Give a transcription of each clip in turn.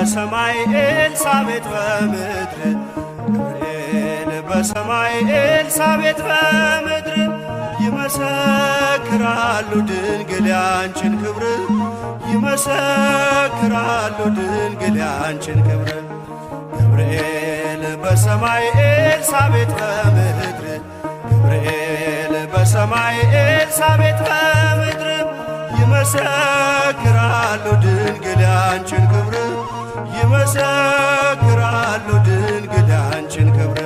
በሰማይ ኤልሳቤጥ በምድር ገብርኤል በሰማይ ኤልሳቤጥ በምድር ይመሰክራሉ ድንግል ያንችን ክብር ይመሰክራሉ ድንግል ያንችን ክብር ገብርኤል በሰማይ ኤልሳቤጥ በምድር ገብርኤል በሰማይ ኤልሳቤጥ በምድር ይመሰክራሉ ድንግል አንቺን ክብር ይመሰክራሉ ድንግል አንቺን ክብር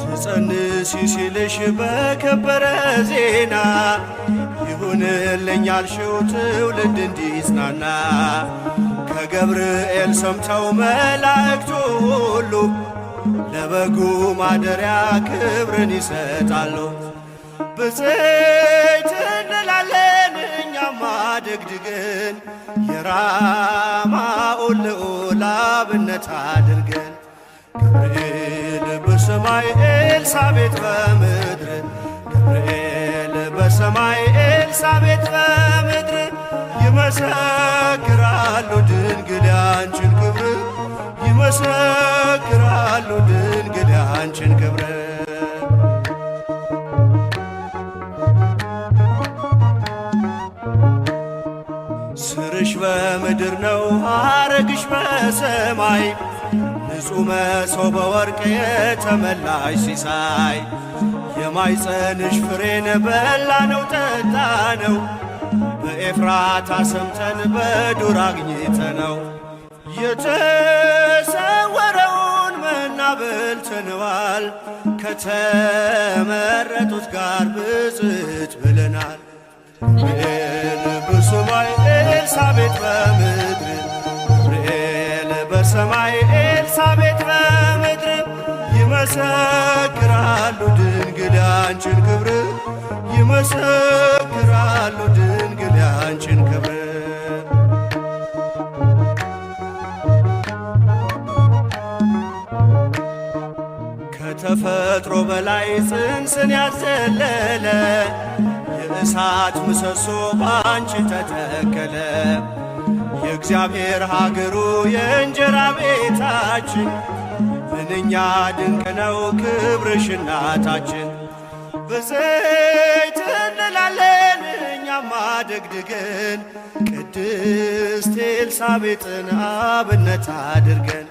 ትጸንሲ ሲልሽ በከበረ ዜና ይሁንልኝ ያልሽው ትውልድ እንዲጽናና ከገብርኤል ሰምተው መላእክቱ ሁሉ ለበጉ ማደሪያ ክብርን ይሰጣሉ። ብፅዕት እንላለን እኛማ ደግድግን የራማውን ልዑል አብነት አድርገን ገብርኤል በሰማይ ኤልሳቤጥ በምድር ገብርኤል በሰማይ ኤልሳቤጥ በምድር ይመሰክራሉ ድንግል ያንችን ክብር ይመሰ ያንችን ክብር ስርሽ በምድር ነው አረግሽ በሰማይ ንጹሕ መሶብ በወርቅ የተመላሽ ሲሳይ የማይፀንሽ ፍሬን በላ ነው ጠጣ ነው በኤፍራታ ሰምተን በዱር አግኝተ ነው የተሰወረ በልተነዋል ከተመረጡት ጋር ብፅዕት ብለናል። ሚካኤል በሰማይ ኤልሳቤጥ በምድር ገብርኤል በሰማይ ኤልሳቤጥ በምድር ይመሰክራሉ ድንግል ያንችን ክብር ይመሰ ከተፈጥሮ በላይ ጽንስን ያዘለለ የእሳት ምሰሶ ባንቺ ተተከለ። የእግዚአብሔር ሀገሩ የእንጀራ ቤታችን ምንኛ ድንቅ ነው ክብርሽ እናታችን። በዘይት እንላለን እኛማ ደግድገን ቅድስት ኤልሳቤጥን አብነት አድርገን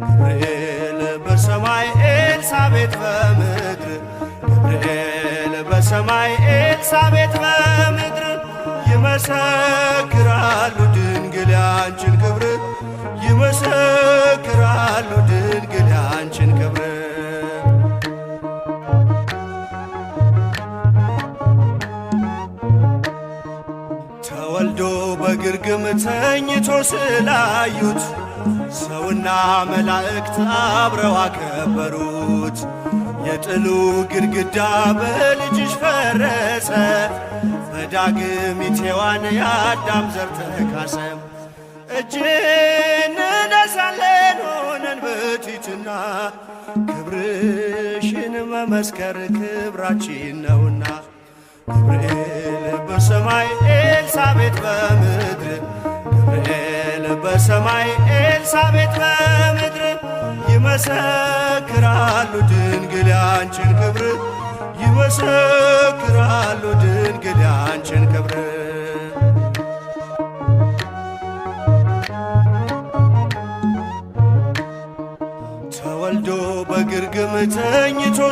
ገብርኤል በሰማይ ኤልሳቤጥ በምድር ገብርኤል በሰማይ ኤልሳቤጥ በምድር ይመሰክራሉ ድንግል ያንችን ክብር ይመሰክራሉ ድንግል ያንችን ክብር ተኝቶ ስላዩት ሰውና መላእክት አብረው አከበሩት። የጥሉ ግድግዳ በልጅሽ ፈረሰ፣ በዳግም ሔዋን የአዳም ዘር ተካሰ። እጅን ነሳለን ሆነን በቲትና ክብርሽን መመስከር ክብራችን ነውና በሰማይ ኤልሳቤት በምድር ገብርኤል በሰማይ ኤልሳቤት በምድር ይመሰክራሉ ድንግል ያንችን ክብር ይመሰክራሉ ድንግል ያንችን ክብር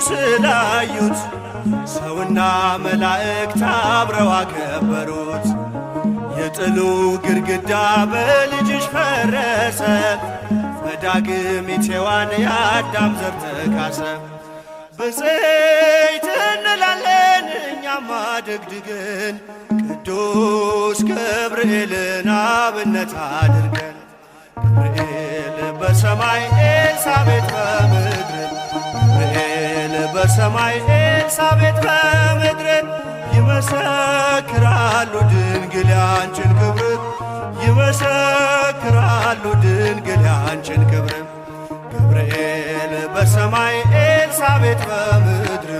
ስላዩት ሰውና መላእክት አብረው አከበሩት። የጥሉ ግድግዳ በልጅሽ ፈረሰ፣ በዳግም ኢቴዋን የአዳም ዘር ተካሰ። በዘይት እንላለን እኛም አደግድገን ቅዱስ ገብርኤልን አብነት አድርገን ገብርኤል በሰማይ ኤልሳቤጥ በምድር በሰማይ ኤልሳቤጥ በምድር ይመሰክራሉ ድንግል ያንችን ክብር ይመሰክራሉ ድንግል ያንችን ክብር ገብርኤል በሰማይ ኤልሳቤጥ በምድር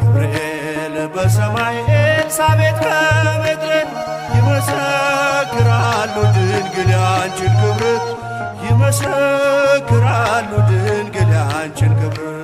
ገብርኤል በሰማይ ኤልሳቤጥ በምድር ይመሰክራሉ ድንግል ያንችን ክብር ይመሰክራሉ ድንግል ያንችን ክብር